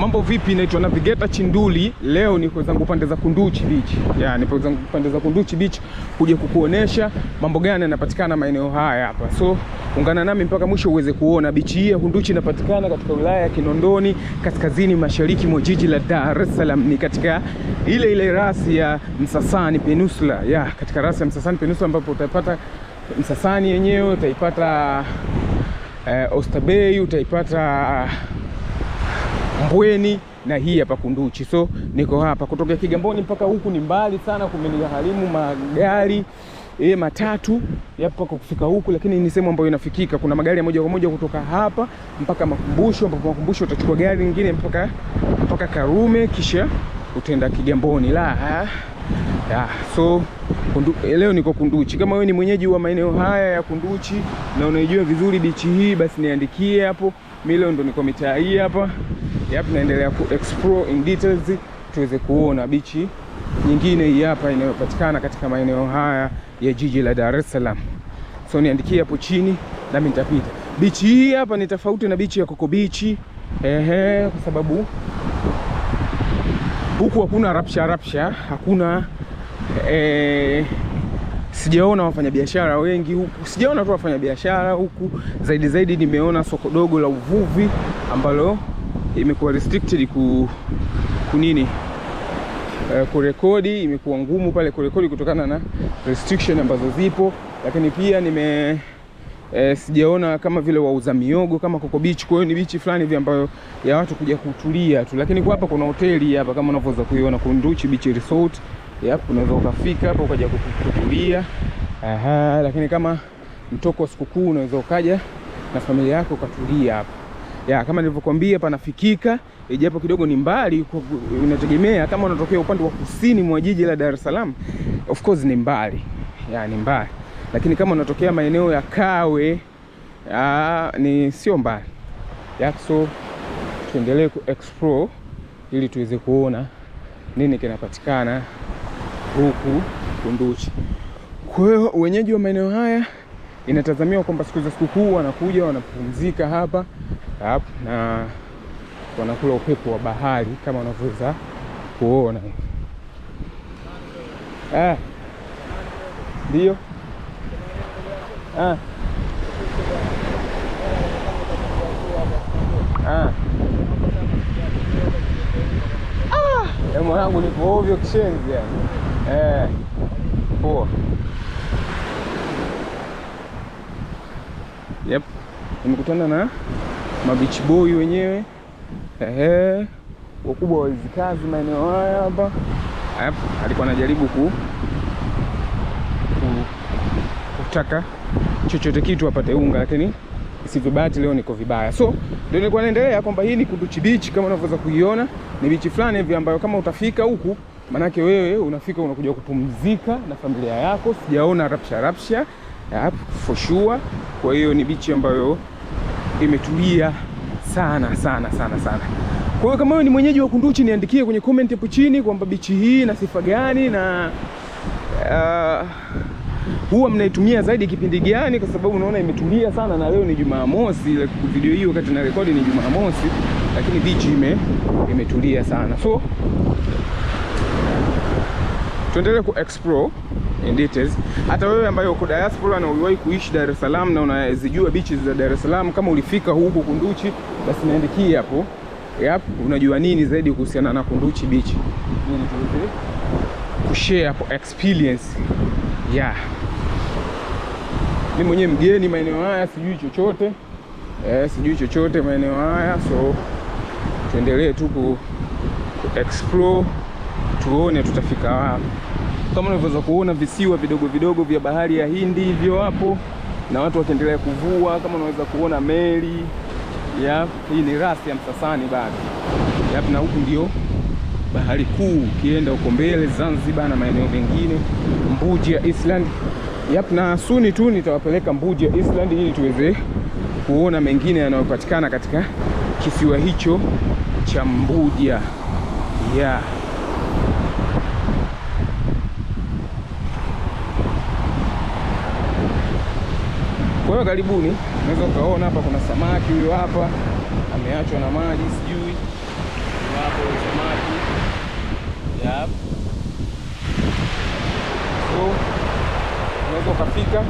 Mambo vipi, naitwa Navigator Chinduli. Leo niko zangu pande za Kunduchi Beach. Yeah, niko zangu pande za Kunduchi Beach kuja kukuonesha mambo gani yanapatikana maeneo haya hapa. So ungana nami mpaka mwisho uweze kuona beach hii ya Kunduchi inapatikana katika wilaya ya Kinondoni, kaskazini mashariki mwa jiji la Dar es Salaam. Ni katika ile ile rasi ya Msasani Peninsula. Yeah, katika rasi ya Msasani Peninsula ambapo utapata Msasani yenyewe, utaipata eh, Bay utaipata eh, Mbweni na hii hapa Kunduchi. So niko hapa kutoka Kigamboni mpaka huku ni mbali sana, kumenigharimu magari e, matatu yapo kwa kufika huku, lakini ni sehemu ambayo inafikika. Kuna magari ya moja kwa moja kutoka hapa mpaka Makumbusho, ambapo Makumbusho utachukua gari lingine mpaka mpaka Karume, kisha utenda Kigamboni la ha? Ya, so kundu, eh, leo niko Kunduchi. Kama wewe ni mwenyeji wa maeneo haya ya Kunduchi na unaijua vizuri bichi hii, basi niandikie hapo. Mimi leo ndo niko mitaa hii hapa Yep, naendelea ku explore in details tuweze kuona bichi nyingine hii hapa inayopatikana katika maeneo haya ya jiji la Dar es Salaam. So niandikie hapo chini nami nitapita. Bichi hii hapa ni tofauti na bichi ya Koko Bichi. Ehe, kwa sababu huku hakuna rapsha rapsha, hakuna eh, sijaona wafanyabiashara wengi huku, sijaona tu wafanyabiashara huku, zaidi zaidi nimeona soko dogo la uvuvi ambalo imekuwa restricted ku kunini uh, eh, kurekodi imekuwa ngumu pale kurekodi kutokana na restriction ambazo zipo, lakini pia nime E, sijaona kama vile wauza miogo kama Coco Beach. Kwa hiyo ni beach fulani hivi ambayo ya watu kuja kutulia tu, lakini kwa hapa kuna hoteli hapa kama unavyoweza kuiona Kunduchi Beach Resort. Yep, unaweza ukafika hapo ukaja kutulia. Aha, lakini kama mtoko wa sikukuu unaweza ukaja na familia yako ukatulia hapa ya, kama nilivyokuambia panafikika, ijapo kidogo ni mbali, inategemea kama unatokea upande wa kusini mwa jiji la Dar es Salaam, of course ni mbali ya, ni mbali, lakini kama unatokea maeneo ya Kawe ya, ni sio mbali ya, so tuendelee ku explore ili tuweze kuona nini kinapatikana huku Kunduchi. Kwa hiyo wenyeji wa maeneo haya inatazamiwa kwamba siku za sikukuu wanakuja wanapumzika hapa yep, na wanakula upepo wa bahari kama unavyoweza kuona eh, ndio ah. ah. ah. ah. Mwanangu nipo kishenzi eh. Poa. Yep, nimekutana na mabichi boy wenyewe ehe, wakubwa kazi maeneo haya hapa. Alikuwa anajaribu ku, kutaka chochote kitu apate unga, lakini isivyo bahati leo niko vibaya. So ndio nilikuwa naendelea kwamba hii ni Kunduchi beach, kama unavyoweza kuiona ni bichi fulani hivi ambayo kama utafika huku manake wewe unafika unakuja kupumzika na familia yako. Sijaona rapsha rapsha for sure. Kwa hiyo ni bichi ambayo imetulia sana sana sana sana. Kwa hiyo kama wewe ni mwenyeji wa Kunduchi, niandikie kwenye comment hapo chini kwamba bichi hii na sifa gani na uh, huwa mnaitumia zaidi kipindi gani, kwa sababu unaona imetulia sana, na leo ni Jumamosi. Video hii wakati na rekodi ni Jumamosi, lakini bichi ime imetulia sana so tuendelee ku explore in details. Hata wewe ambaye uko diaspora na uliwahi kuishi Dar es Salaam na unazijua beaches za Dar es Salaam, kama ulifika huku Kunduchi, basi niandikie hapo yep, unajua nini zaidi kuhusiana na Kunduchi beach, kushare hapo experience yeah. Mimi mwenyewe mgeni maeneo haya, sijui chochote eh, sijui chochote maeneo haya, so tuendelee tu ku explore tuone tutafika wapi. Kama unavyoweza kuona visiwa vidogo vidogo vya bahari ya Hindi hivyo hapo, na watu wakiendelea kuvua. Kama unaweza kuona meli ya hii ni rasi ya Msasani bado yapi, na huku ndio bahari kuu, ukienda huko mbele Zanzibar na maeneo mengine Mbuji ya Island. Yap, na suni tu nitawapeleka Mbuji ya Island ili tuweze kuona mengine yanayopatikana katika kisiwa hicho cha Mbuja. Yeah. Kwa hiyo karibuni, unaweza ukaona hapa kuna samaki, huyo hapa ameachwa na maji, sijui hapo samaki yep. So unaweza ukafika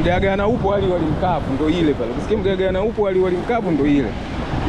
Mgagana upo hali walimkavu ndo ile pale. Ukisikia mgagana upo hali mkavu ndo ile.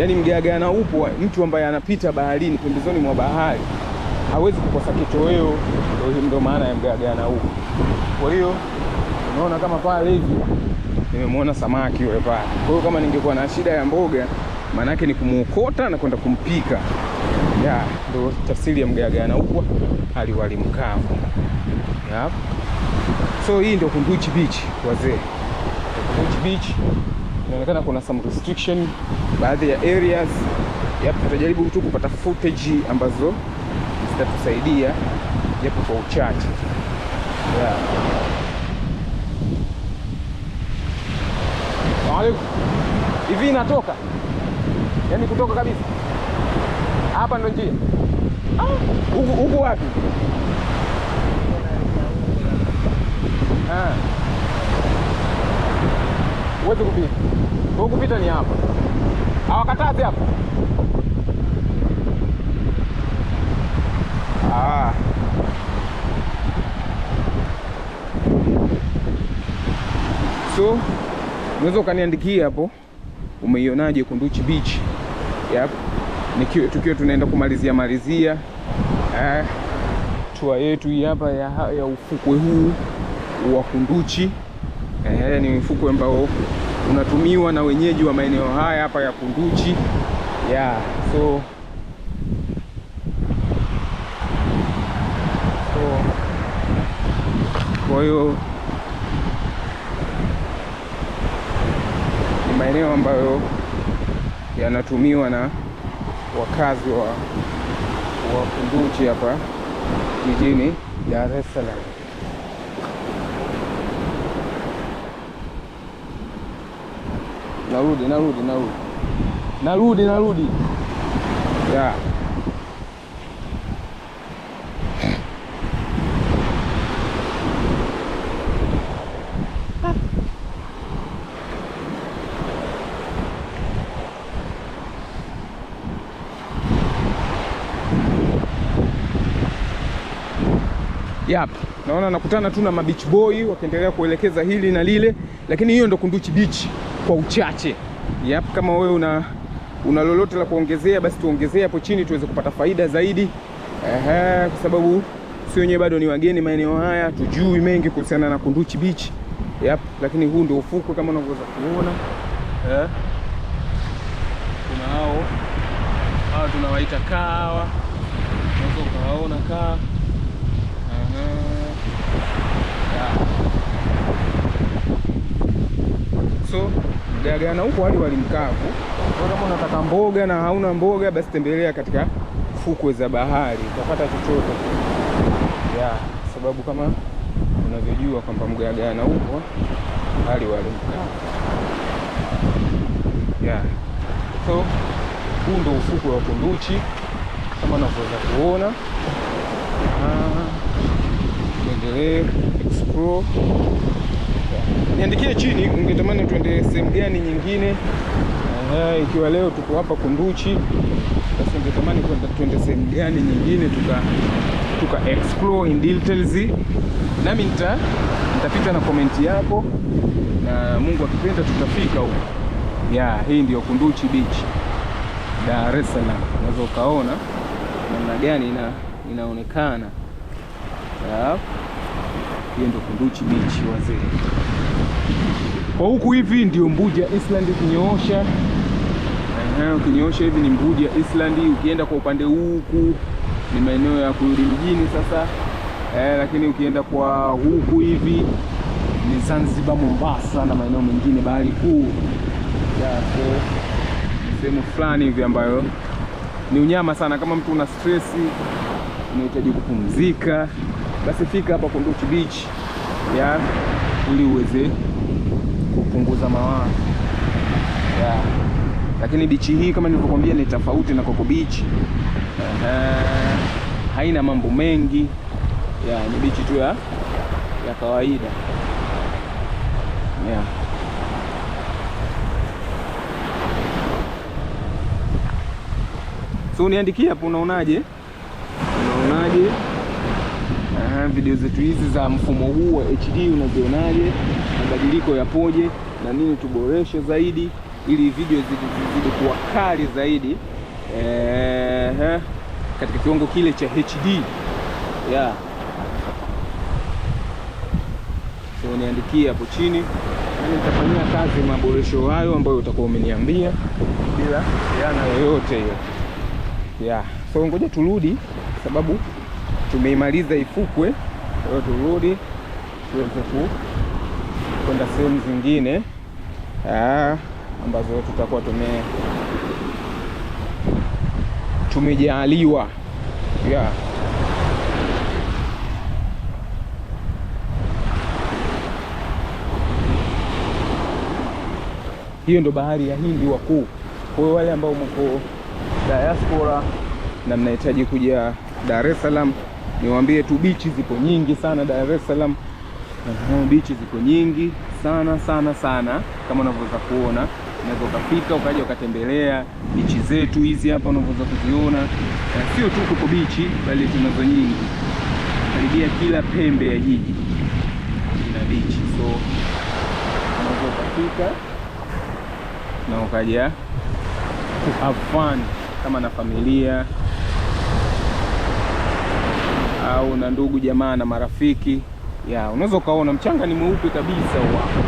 Yaani mgagana upo mtu ambaye anapita baharini pembezoni mwa bahari hawezi kukosa kitoweo, ndo maana ya mgagana upo. Kwa hiyo unaona kama pale hivi nimemwona samaki yule pale. Kwa hiyo kama ningekuwa na shida ya mboga, maana yake ni kumuokota na kwenda kumpika. Ya, ndo tafsiri ya mgaga anaukwa wali mkavu. Ya. So hii ndio Kunduchi Beach wazee. Kunduchi Beach inaonekana kuna some restriction baadhi ya areas. Yapo tutajaribu tu kupata footage ambazo zitatusaidia japo kwa uchache. Yeah. Salamu Hivi inatoka yaani kutoka kabisa hapa ndo njia ah. huku wapi? Huwezi kupita huku, kupita ni hapa. Hawakatazi hapa. Ah. So Unaweza ukaniandikia hapo umeionaje Kunduchi Beach. Yep. Nikiwa tukiwa tunaenda kumalizia malizia eh, tua yetu hii hapa ya, ya ufukwe huu wa Kunduchi eh, ni ufukwe ambao unatumiwa na wenyeji wa maeneo haya hapa ya Kunduchi yeah, so kwa hiyo maeneo ambayo yanatumiwa na wakazi wa, wa Kunduchi hapa jijini Dar es Salaam. Narudi narudi narudi narudi narudi ya Yep. naona nakutana tu na mabeach boy wakiendelea kuelekeza hili na lile, lakini hiyo ndo Kunduchi beach kwa uchache. Yap, kama wewe una, una lolote la kuongezea basi tuongezee hapo chini tuweze kupata faida zaidi, ehe, kwa sababu si wenyewe bado ni wageni maeneo haya, tujui mengi kuhusiana na Kunduchi beach. Yep, lakini huu ndio ufukwe kama unavyoweza kuona eh. Kuna hao hao tunawaita kawa, unaweza ukawaona kaa so Mgagana huko hadi mkavu Kama unataka mboga na hauna mboga, basi tembelea katika fukwe za bahari utapata chochote ya sababu, kama unavyojua kwamba Mgagana huko wali mkavu ya so huu ndo ufukwe wa Kunduchi kama unavyoweza kuona. Ah, tuendelee explore Niandikie chini ungetamani tuende sehemu gani nyingine. ikiwa leo tuko hapa Kunduchi, basi ungetamani kwenda tuende sehemu gani nyingine tuka tuka explore in details, nami nita nitapita na komenti yako, na Mungu akipenda tutafika huko. Ya, hii ndio Kunduchi Beach Dar es Salaam, unaweza ukaona namna gani ina, inaonekana. Hiyo ndio Kunduchi Beach wazee kwa huku hivi ndio Mbuja Island ukinyoosha ukinyoosha hivi ni Mbuja Island. Ukienda kwa upande huku ni maeneo ya kurudi mjini sasa eh, lakini ukienda kwa huku hivi ni Zanzibar, Mombasa na maeneo mengine bahari kuu yako sehemu fulani hivi ambayo ni unyama sana. Kama mtu una stress unahitaji kupumzika, basi fika hapa Kunduchi Beach ya ili uweze kupunguza mawaa yeah. Lakini bichi hii kama nilivyokuambia ni tofauti na koko bichi Uh, haina mambo mengi yeah, ni bichi tu ya ya kawaida yeah. So niandikie hapo, unaonaje? Unaonaje? video zetu hizi za mfumo huu wa HD unazionaje, mabadiliko yapoje na nini tuboreshe zaidi ili video zizidi kuwa kali zaidi eee, katika kiwango kile cha HD yeah. So niandikie hapo chini na nitafanyia kazi maboresho hayo ambayo utakuwa umeniambia bila yana yoyote hiyo yeah. So ngoja turudi sababu tumeimaliza Ifukwe. Leo turudi tuweze kwenda sehemu zingine aa, ah, ambazo tutakuwa tume tumejaaliwa yeah. Hiyo ndo bahari ya Hindi wakuu. Kwa hiyo wale ambao mko diaspora na mnahitaji kuja Dar es Salaam niwaambie tu bichi zipo nyingi sana Dar es Salaam. Uh, bichi ziko nyingi sana sana sana, kama unavyoweza kuona, unaweza ukafika ukaja ukatembelea bichi zetu hizi hapa unavyoweza kuziona. Uh, sio tu tuko bichi, bali tunazo nyingi, karibia kila pembe ya jiji ina bichi, so unaweza ukafika na ukaja have fun kama na familia au na ndugu jamaa na marafiki ya, unaweza ukaona mchanga ni mweupe kabisa huo.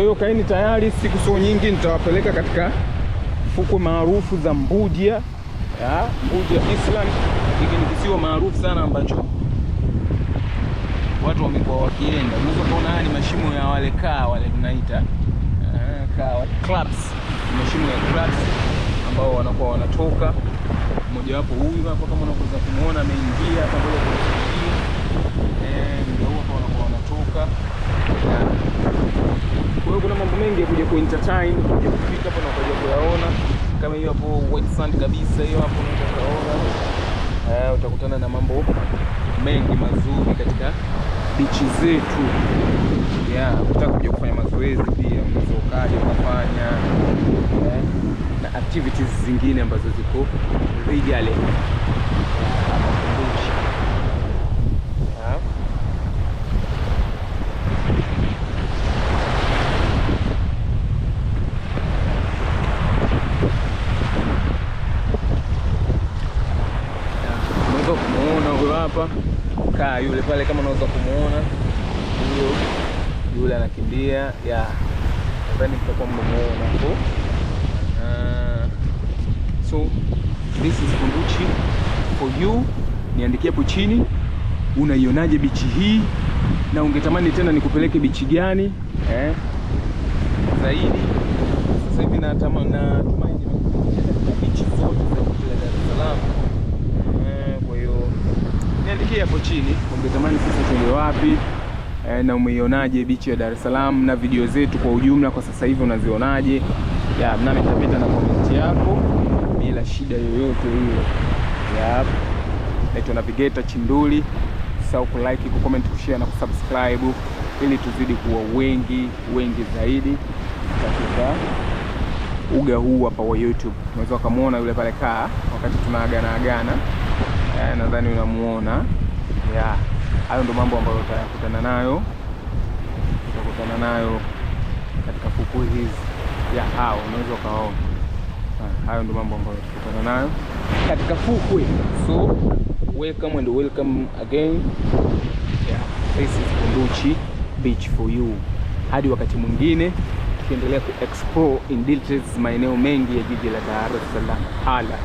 Kwa hiyo kaeni tayari, siku sio nyingi nitawapeleka katika fukwe maarufu za Mbudia. Mbudia Island, hiki ni kisiwa maarufu sana ambacho watu wamekuwa wakienda. Unaweza kuona haya ni mashimo ya wale kaa wale tunaita eh, kaa clubs, mashimo ya clubs ambao wanakuwa wanatoka. Mmoja wapo huyu hapa, kama unaweza kumuona ameingia hapa mbele kwa sababu eh, ndio hapo wanakuwa wanatoka. Kwa hiyo kuna mambo mengi kuja ku entertain, kuja kufika hapo na kuja kuyaona. Kama hiyo hapo white sand kabisa, hiyo hapo unaweza kuona. Eh, utakutana na mambo mengi mazuri katika bichi zetu. Yeah, utaka kuja kufanya mazoezi pia, ukaje ukafanya eh, na activities zingine ambazo ziko legally. ya yule pale, kama unaweza kumuona huyo yule anakimbia, ya nadhani mtakuwa mmemuona hapo. So this is Kunduchi for you, niandikie hapo chini unaionaje bichi hii na ungetamani tena nikupeleke bichi gani eh? Zaidi sasa hivi natumai nimekuonyesha bichi zote za kila Dar es Salaam. Tuandikie hapo chini ungetamani sisi tuwe wapi e, na umeionaje bichi ya Dar es Salaam na video zetu kwa ujumla kwa sasa hivi unazionaje? Ya, nami nitapenda na comment yako bila shida yoyote hiyo. Ya, naitwa Navigator Chinduli. Usisahau ku like, ku comment, ku share na kusubscribe ili tuzidi kuwa wengi wengi zaidi katika uga huu hapa wa YouTube. Unaweza ukamwona yule pale kaa wakati tunaagana agana haya nadhani unamuona ya Hayo ndo mambo ambayo utakutana nayo utakutana nayo katika fukwe hizi ya hao, unaweza ukaona hayo ndo mambo ambayo utakutana nayo katika fukwe. So welcome and welcome again This is Kunduchi beach for you. Hadi wakati mwingine tukiendelea explore in details maeneo mengi ya jiji la Dar es Salaam. Hala.